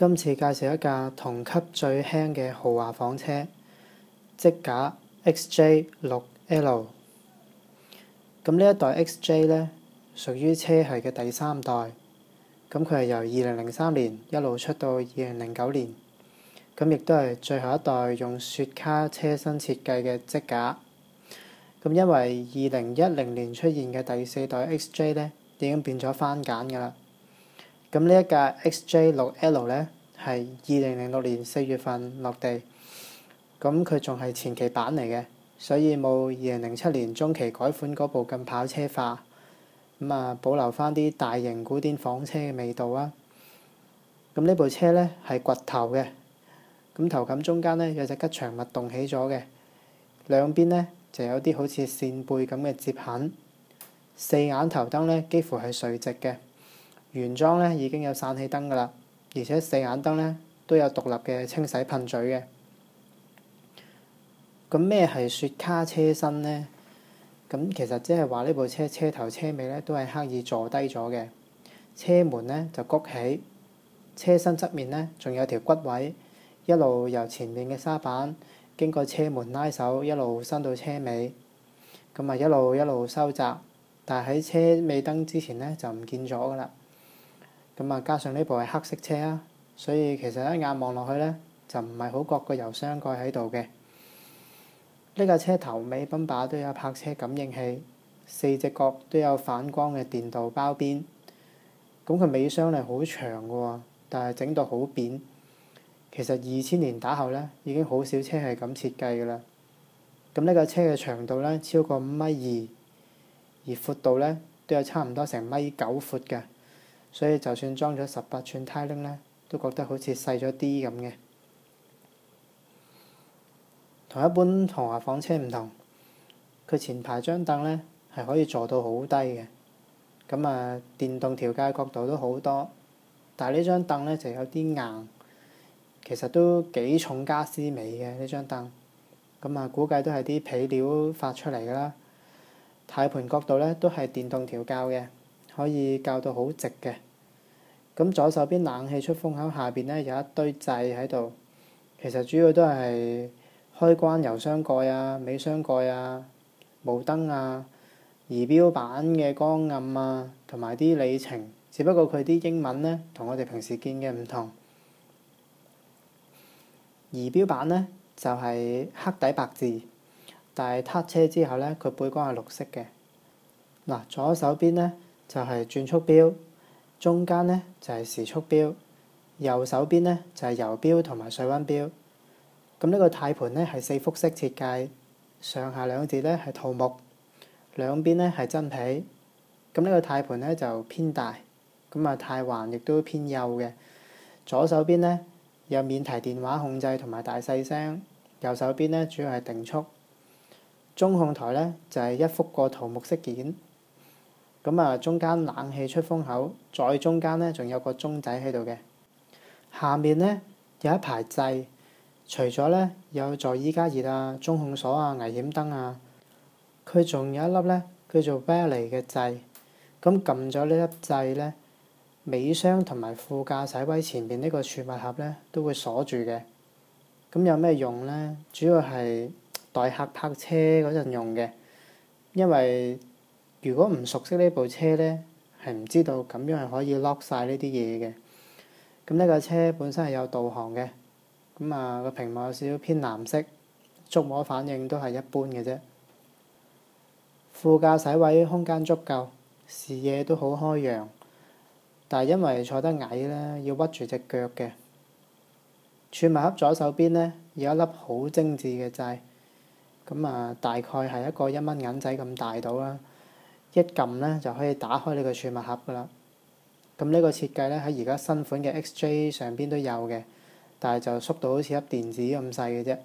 今次介紹一架同級最輕嘅豪華房車，積架 XJ6L。咁呢一代 XJ 咧，屬於車系嘅第三代。咁佢係由二零零三年一路出到二零零九年，咁亦都係最後一代用雪茄車身設計嘅積架。咁因為二零一零年出現嘅第四代 XJ 咧，已經變咗番簡㗎啦。咁呢一架 XJ 六 L 咧，係二零零六年四月份落地，咁佢仲係前期版嚟嘅，所以冇二零零七年中期改款嗰部咁跑車化，咁啊保留翻啲大型古典房車嘅味道啊！咁呢部車咧係掘頭嘅，咁頭冚中間咧有隻吉祥物戙起咗嘅，兩邊咧就有啲好似扇貝咁嘅接痕，四眼頭燈咧幾乎係垂直嘅。原裝咧已經有散氣燈㗎啦，而且四眼燈咧都有獨立嘅清洗噴嘴嘅。咁咩係雪茄車身咧？咁其實即係話呢部車車頭車尾咧都係刻意坐低咗嘅，車門咧就谷起，車身側面咧仲有條骨位，一路由前面嘅沙板經過車門拉手，一路伸到車尾，咁啊一路一路收窄，但係喺車尾燈之前咧就唔見咗㗎啦。咁啊，加上呢部係黑色車啊，所以其實一眼望落去呢，就唔係好覺個油箱蓋喺度嘅。呢架車頭尾泵把都有泊車感應器，四隻角都有反光嘅電鍍包邊。咁佢尾箱係好長嘅喎，但係整到好扁。其實二千年打後呢，已經好少車係咁設計㗎啦。咁呢架車嘅長度呢，超過五米二，而闊度呢都有差唔多成米九闊嘅。所以就算裝咗十八寸胎 y 呢，都覺得好似細咗啲咁嘅。同一般豪華房車唔同，佢前排張凳呢係可以坐到好低嘅。咁、嗯、啊，電動調介角度都好多，但係呢張凳呢就有啲硬，其實都幾重傢俬味嘅呢張凳。咁、嗯、啊，估計都係啲皮料發出嚟噶啦。胎盤角度呢都係電動調教嘅，可以教到好直嘅。咁左手邊冷氣出風口下邊呢，有一堆掣喺度，其實主要都係開關油箱蓋啊、尾箱蓋啊、霧燈啊、儀表板嘅光暗啊，同埋啲里程。只不過佢啲英文呢，同我哋平時見嘅唔同。儀表板呢，就係黑底白字，但係撻車之後呢，佢背光係綠色嘅。嗱，左手邊呢，就係轉速表。中間呢就係時速表，右手邊呢就係油表同埋水溫表。咁呢個軚盤呢係四幅式設計，上下兩截呢係桃木，兩邊呢係真皮。咁呢個軚盤呢就偏大，咁啊軚環亦都偏右嘅。左手邊呢有免提電話控制同埋大細聲，右手邊呢主要係定速。中控台呢就係一幅個桃木飾件。咁啊，中間冷氣出風口，再中間呢，仲有個鐘仔喺度嘅。下面呢，有一排掣，除咗呢，有座椅加熱啊、中控鎖啊、危險燈啊，佢仲有一粒呢，叫做 belly 嘅掣。咁撳咗呢粒掣呢，尾箱同埋副駕駛位前面呢個儲物盒呢，都會鎖住嘅。咁有咩用呢？主要係代客泊車嗰陣用嘅，因為，如果唔熟悉呢部車呢，係唔知道咁樣係可以 lock 晒呢啲嘢嘅。咁呢個車本身係有導航嘅，咁啊個屏幕有少少偏藍色，觸摸反應都係一般嘅啫。副駕駛位空間足夠，視野都好開揚，但係因為坐得矮呢，要屈住隻腳嘅。儲物盒左手邊呢，有一粒好精緻嘅掣，咁啊大概係一個一蚊銀仔咁大到啦。一撳咧就可以打開你個儲物盒㗎啦。咁呢個設計咧喺而家新款嘅 XJ 上邊都有嘅，但係就縮到好似一粒電子咁細嘅啫。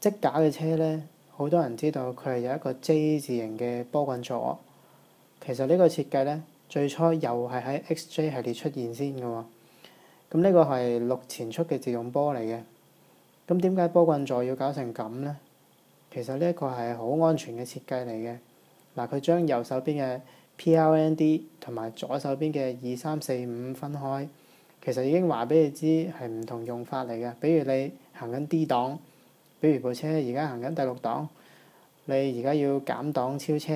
積架嘅車咧，好多人知道佢係有一個 J 字形嘅波棍座。其實呢個設計咧，最初又係喺 XJ 系列出現先嘅喎。咁呢個係六前速嘅自動波嚟嘅。咁點解波棍座要搞成咁咧？其實呢一個係好安全嘅設計嚟嘅。嗱，佢將右手邊嘅 P、R、N、D 同埋左手邊嘅二三四五分開，其實已經話俾你知係唔同用法嚟嘅。比如你行緊 D 檔，比如部車而家行緊第六檔，你而家要減檔超車，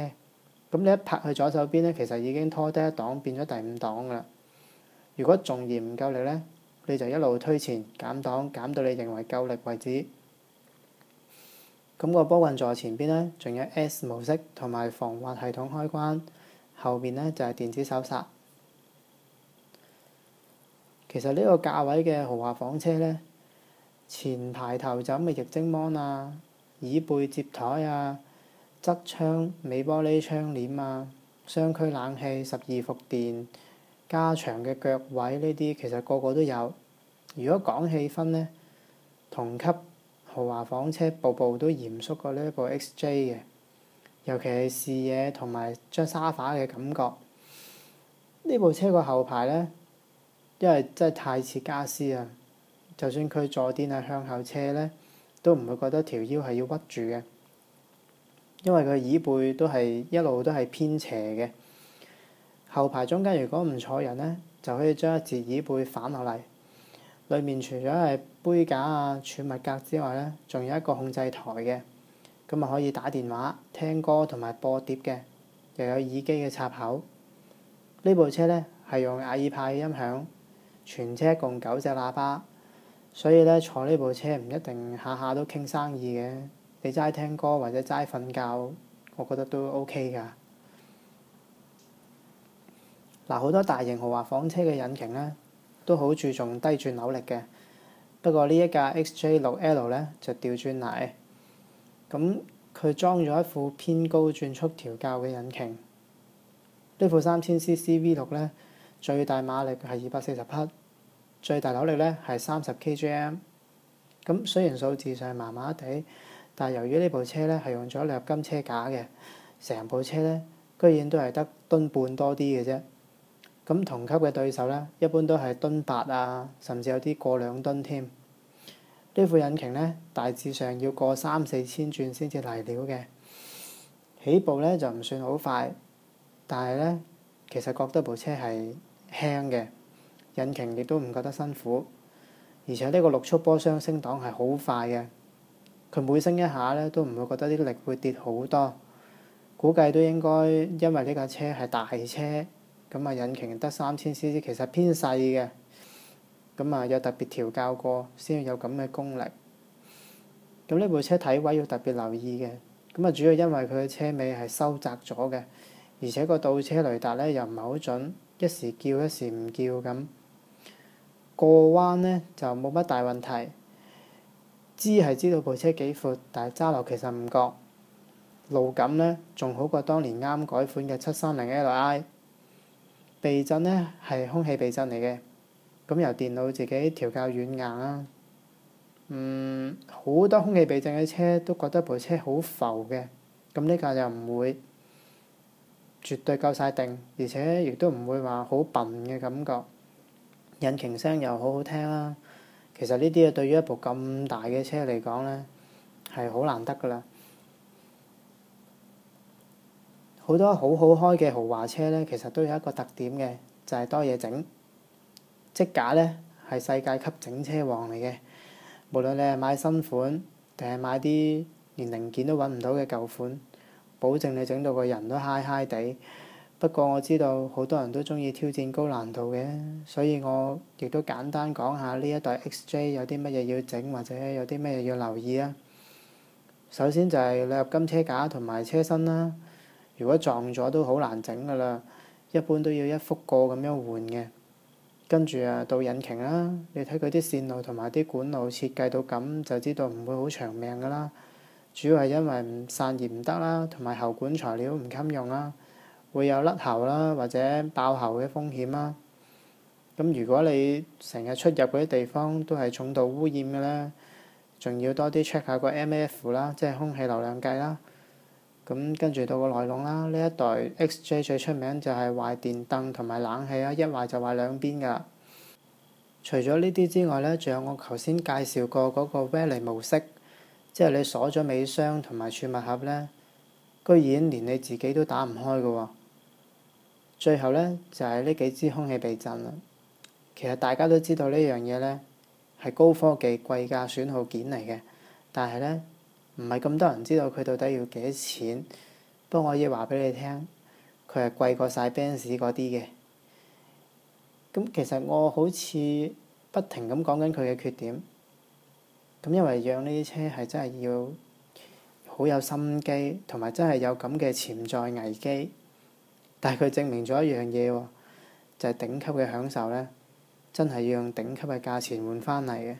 咁你一拍去左手邊咧，其實已經拖低一檔變咗第五檔㗎啦。如果仲嫌唔夠力咧，你就一路推前減檔，減到你認為夠力為止。咁個波棍座前邊呢，仲有 S 模式同埋防滑系統開關，後邊呢，就係、是、電子手剎。其實呢個價位嘅豪華房車呢，前排頭枕嘅液晶屏幕啊，椅背摺台啊，側窗尾玻璃窗簾啊，雙區冷氣、十二伏電、加長嘅腳位呢啲，其實個個都有。如果講氣氛呢，同級，豪華房車部部都嚴肅過呢一部 XJ 嘅，尤其係視野同埋張沙發嘅感覺。呢部車個後排呢，因為真係太似家俬啊！就算佢坐墊係向後車呢，都唔會覺得條腰係要屈住嘅，因為佢嘅椅背都係一路都係偏斜嘅。後排中間如果唔坐人呢，就可以將一截椅背反落嚟。裡面除咗係杯架啊、儲物格之外呢，仲有一個控制台嘅，咁啊可以打電話、聽歌同埋播碟嘅，又有耳機嘅插口。呢部車呢，係用亞爾派音響，全車共九隻喇叭，所以呢，坐呢部車唔一定下下都傾生意嘅，你齋聽歌或者齋瞓覺，我覺得都 OK 㗎。嗱，好多大型豪華房車嘅引擎呢，都好注重低轉扭力嘅，不過呢一架 XJ6L 咧就調轉嚟，咁佢裝咗一副偏高轉速調校嘅引擎，呢副三千 CC V 六咧最大馬力係二百四十匹，最大扭力咧係三十 kgm，咁雖然數字上麻麻地，但係由於呢部車咧係用咗鋁合金車架嘅，成部車咧居然都係得噸半多啲嘅啫。咁同級嘅對手呢，一般都係噸八啊，甚至有啲過兩噸添。呢副引擎呢，大致上要過三四千轉先至嚟料嘅。起步呢，就唔算好快，但係呢，其實覺得部車係輕嘅，引擎亦都唔覺得辛苦，而且呢個六速波箱升檔係好快嘅，佢每升一下呢，都唔會覺得啲力會跌好多。估計都應該因為呢架車係大車。咁啊！引擎得三千 cc，其實偏細嘅。咁啊，有特別調校過，先有咁嘅功力。咁呢部車睇位要特別留意嘅。咁啊，主要因為佢嘅車尾係收窄咗嘅，而且個倒車雷達呢又唔係好準，一時叫一時唔叫咁。過彎呢就冇乜大問題。知係知道部車幾闊，但係揸落其實唔覺。路感呢仲好過當年啱改款嘅七三零 Li。避震呢，係空氣避震嚟嘅，咁由電腦自己調校軟硬啦。嗯，好多空氣避震嘅車都覺得部車好浮嘅，咁呢架就唔會絕對夠晒定，而且亦都唔會話好笨嘅感覺。引擎聲又好好聽啦，其實呢啲對於一部咁大嘅車嚟講呢，係好難得㗎啦。好多好好開嘅豪華車呢，其實都有一個特點嘅，就係、是、多嘢整。積架呢，係世界級整車王嚟嘅，無論你係買新款定係買啲連零件都揾唔到嘅舊款，保證你整到個人都嗨嗨地。不過我知道好多人都中意挑戰高難度嘅，所以我亦都簡單講下呢一代 XJ 有啲乜嘢要整或者有啲乜嘢要留意啊。首先就係鋁合金車架同埋車身啦。如果撞咗都好難整㗎啦，一般都要一幅過咁樣換嘅。跟住啊，到引擎啦，你睇佢啲線路同埋啲管路設計到咁，就知道唔會好長命㗎啦。主要係因為唔散熱唔得啦，同埋喉管材料唔襟用啦，會有甩喉啦或者爆喉嘅風險啦。咁如果你成日出入嗰啲地方都係重度污染嘅咧，仲要多啲 check 下個 MAF 啦，即係空氣流量計啦。咁跟住到個內龍啦，呢一代 XJ 最出名就係壞電燈同埋冷氣啦，一壞就壞兩邊噶。除咗呢啲之外咧，仲有我頭先介紹過嗰個威 y 模式，即係你鎖咗尾箱同埋儲物盒咧，居然連你自己都打唔開噶。最後咧就係、是、呢幾支空氣避震啦。其實大家都知道呢樣嘢咧係高科技貴價損耗件嚟嘅，但係咧。唔係咁多人知道佢到底要幾多錢，不過我可以話俾你聽，佢係貴過晒 Benz 嗰啲嘅。咁其實我好似不停咁講緊佢嘅缺點，咁因為養呢啲車係真係要好有心機同埋真係有咁嘅潛在危機，但係佢證明咗一樣嘢喎，就係頂級嘅享受咧，真係要用頂級嘅價錢換翻嚟嘅。